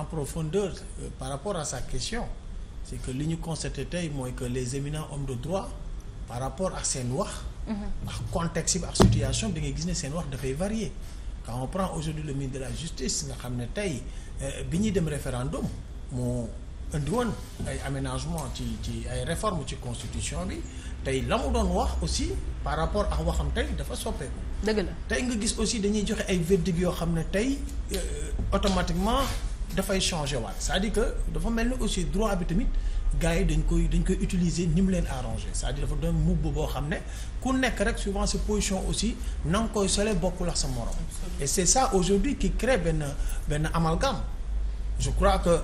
en profondeur euh, par rapport a sa question c'est que li ñu constaté tey mooy que les éminents hommes de droit par rapport ak seen wax mhm. ak contexte bi ak situation bi ngay gis ne seen wax dafay varier quand on prend de la justice nga xam ne tey euh, bi ñuy dem référendum moo indi woon ay aménagement ci ci ay réforme ci constitution bi tey la mu doon wax aussi par rapport ak waxam tey dafa soppeeku dëgg la tey nga gis aussi dañuy joxe ay verdict yoo xam ne tey euh, automatiquement dafay changé waat cest dire que dafa mel ni aussi droit bi tamit gars yi dañ koy dañ koy utiliser ni mu leen arrangé c'est-à-dire dafa doon mubb boo xam ne ku nekk rek souvent sa position aussi na nga koy sole bokkul ak sa morom et c'est ça aujourd'hui qui crée benn benn amalgame je crois que euh,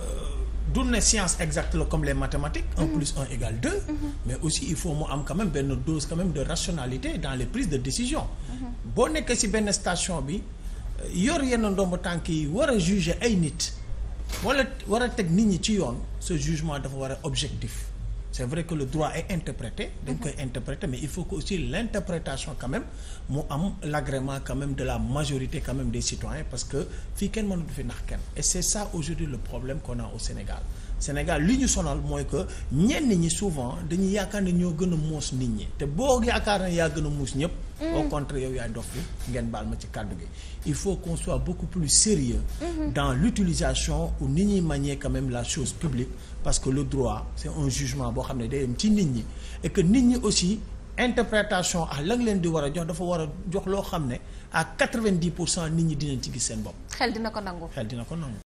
du ne science exacte la les mathématiques un mm-hmm. plus un égale deux mm-hmm. mais aussi il faut mu am quand même benn dose quand de rationalité dans les prises de décision mm-hmm. boo nekkee ci benn station bi euh, yor yenn ndomb tànk yi war a juger ay nit wala war a teg nit ñi ci yoon ce jugement dafa war a objectif c'est vrai que le droit est interprété dañ koy interpréter mais il faut que aussi l'interprétation quand même mu am l'agrément quand même de la majorité quand même des citoyens parce que fii kenn mënu du fi nax kenn et c'est ça aujourd'hui le problème qu'on a au Sénégal Sénégal li ñu sonal mooy que ñenn ñi souvent dañuy yaakaar nañ ñoo gën a muus nit ñi te boo yaakaar ne yaa gën a muus ñëpp. Mm. au contraire yow yaay dof fi ngeen baal ma ci kàddu gi. il faut qu'on soit beaucoup plus sérieux mm-hmm. dans l'utilisation ou ni ñuy manier quand même la chose publique parce que le droit c'est un jugement boo xam ne day dem ci nit ñi et que nit ñi aussi interprétation ah la leen di war a jox dafa war a jox loo xam ne à quatre-vingt-dix pour cent nit ñi dinañ ci gis seen bopp. xel dina ko nangu xel dina ko nangu.